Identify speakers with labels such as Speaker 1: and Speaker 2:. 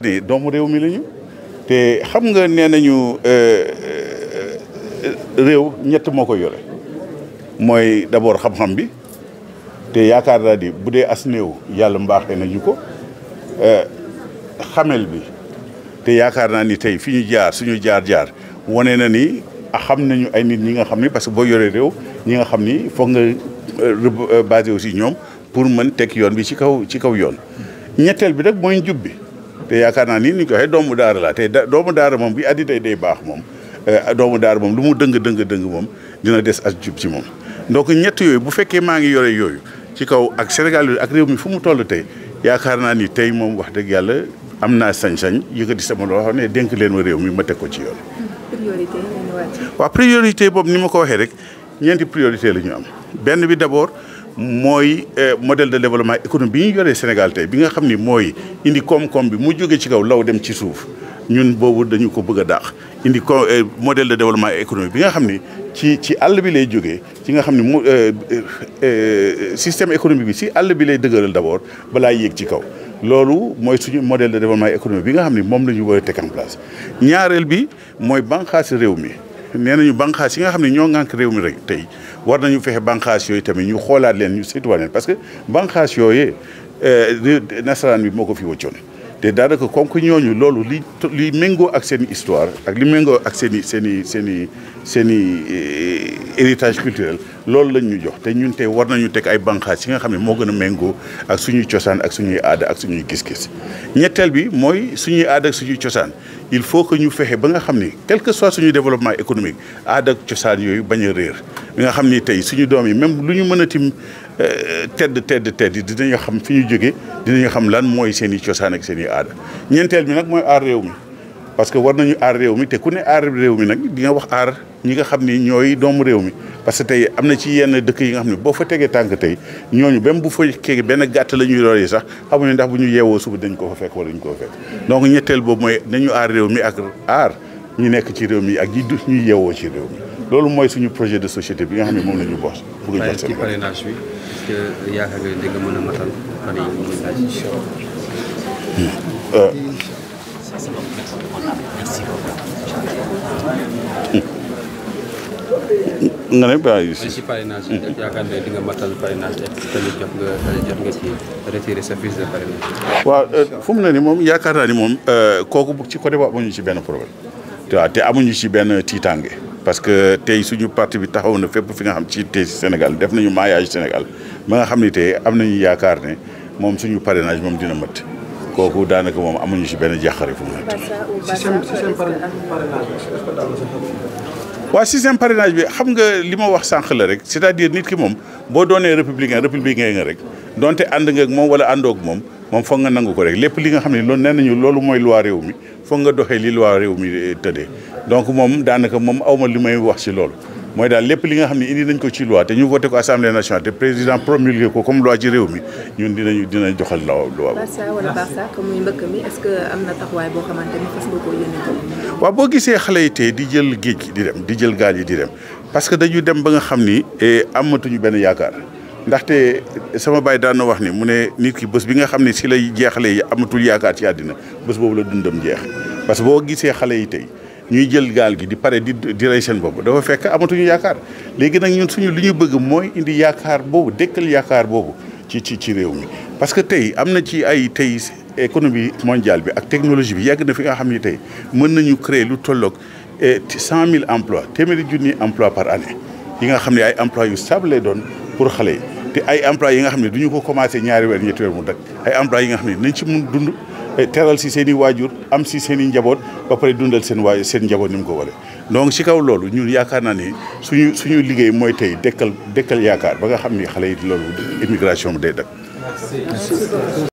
Speaker 1: di doomu réew mi lañu te xam nga nee nañu euh, euh, réew ñett moo ko yore mooy d'abord xam-xam bi te yaakaar naa di bu dee as néew yàlla nañu ko euh, xamel bi te yaakaar naa ni tey fi ñu jaar suñu jaar-jaar wane na ni xam nañu ay nit ñi nga xam ni parce que boo yoree réew ñi nga xam ni foog nga basé aussi ñoom pour mën teg yoon bi ci kaw ci kaw yoon ñetteel bi rek mooy njub bi te yaakaar naa ni ni ñu ko waxee doomu daara la te doomu daara moom bi addi day day baax moom eh, doomu daara moom lu mu dëng dëng dëng moom dina des ak jub ci moom donc ñett yooyu bu fekkee maa ngi yore yooyu ci kaw ak Sénégal yooyu ak réew mi fu mu toll tey yaakaar naa ni tey moom wax dëgg yàlla am naa sañ-sañ yëkkati sama loo xam ne dénk leen wa réew mi ma teg ko ci yoon. priorité waaw priorité boobu ni ma ko waxee rek ñeenti priorité la ñu am benn bi d'abord. mooy eh, modèle de développement économique bi ñu yoree Sénégal bi nga xam ni mooy indi koom-koom bi mu jóge ci kaw law dem ci suuf ñun boobu dañu ko bëgg a dàq indi ko eh, modèle de développement économique bi nga xam ni ci ci àll bi lay jóge ci nga xam ni mu eh, système économique bi si àll bi lay dëgëral d'abord balaa yéeg ci kaw loolu mooy suñu model de développement économique bi nga xam ni moom la ñu war teg en place ñaareel bi mooy banqaasi réew mi nee nañu banqaas yi nga xam ne ñoo ŋànk réew mi rek tey war nañu fexe banqaas yooyu tamit ñu xoolaat leen ñu saytuwaat parce que banqaas yooyu euh, nasaraan bi moo ko fi wëccoon te daanaka comme que ñooñu loolu li li méngoo ak seen histoire ak li méngoo ak seen i seen seen i seen i euh, héritage culturel loolu lañ ñu jox te ñun tey war nañu teg ay banqaas yi nga xam ne moo gën a méngoo ak suñuy cosaan ak suñuy aada ak suñuy gis-gis ñetteel bi mooy suñuy aada ak suñuy cosaan il faut que ñu fexe ba nga xam ni quel que soit suñu développement économique aada ak cosaan yooyu bañ a réer bi nga xam ni tey suñu doom yi même lu ñu mën a tim euh, tedd tedd tedd yi dinañu xam fi ñu jógee dinañu xam lan mooy seen i cosaan ak seen i aada ñeenteel bi nag mooy aar réew mi. parce que war nañu aar réew mi te ku ne aar réew mi nag di wax aar ñi nga xam ni ñooy doomu réew mi parce que tey am na ci yenn dëkk yi nga xam ne boo fa tegee tànk tey ñooñu même bu fa keegi benn gàtt la ñuy roy sax xamuñu ndax bu ñu yeewoo suba dañ ko fa fekk wala dañ ko fa fekk donc ñetteel boobu mooy nañu aar réew mi ak aar ñu nekk ci réew mi ak ñi ñu yeewoo ci réew mi loolu mooy suñu projet de société bi nga xam ne moom la ñu bokk. pour ñu jot seen parrainage bi est Merci beaucoup. Merci beaucoup. yaakaar ne di nga matal parrainage te nga jot nga waaw euh, fu mu ne nii moom yaakaar naa ni moom euh, kooku ci côté boobu amuñu ci benn problème. waaw te amuñu ci benn tiitaange parce que tey suñu parti bi taxaw na fépp fi nga xam ci tey Sénégal def nañu maillage Sénégal ma nga xam ne tey am nañu yaakaar ne moom suñu parrainage moom dina mët. kooku daanaka moom amuñu si benn jàqare fu mu nekk. système système bi xam nga li ma wax sànq la rek c'est-à-dire nit ki moom boo doonee républicain républicain nga rek donte ànd nga moom wala àndoo moom moom foog nga nangu ko rek lépp li nga xam ne loolu nee nañu loolu mooy loi réew mi foog nga doxee li loi réew mi tëddee donc moom daanaka moom awma li may wax si loolu. mooy daal lépp li nga xam ne indi nañ ko ci loi te ñu voté ko assemblée nationale te président promulgué ko comme loi ci réew mi ñun dinañu dinañ joxal loi loi na taxawaay boo gisee xale yi tey di jël géej di dem di jël gaal yi di dem parce que dañu dem ba nga xam ni e, amatuñu benn yaakaar ndaxte sama baay daan na wax ni mu ne nit ki bés bi nga xam ne si lay jeexale yi amatul yaakaar ci àddina bés boobu la dundam jeex parce que boo gisee xale yi tey ñuy jël gaal gi di pare di di rey seen bopp dafa fekk amatuñu yaakaar léegi nag ñun suñu li ñu bëgg mooy indi yaakaar boobu dëkkal yaakaar boobu ci ci ci réew mi. parce que tey am na ci ay tey économie mondiale bi ak technologie bi yàgg na fi nga xam ni tey mën nañu créer lu tolloog eh, cent mille emplois téeméeri junni emploi par année yi nga xam ne ay emplois yu sable lay doon pour xale yi. te ay emploi yi nga xam ne du ñu ko commencé ñaari weer ñetti weer mu dakk ay emploi yi nga xam ne nañ ci mun dund eh, teral si seen i waajur am si seen i njaboot ba pare dundal seen waay seen njaboot ni mu ko waree donc si kaw loolu ñun yaakaar naa ni suñu suñu liggéey mooy tey dekkal dekkal yaakaar ba nga xam ni xale yi loolu immigration bi day dakk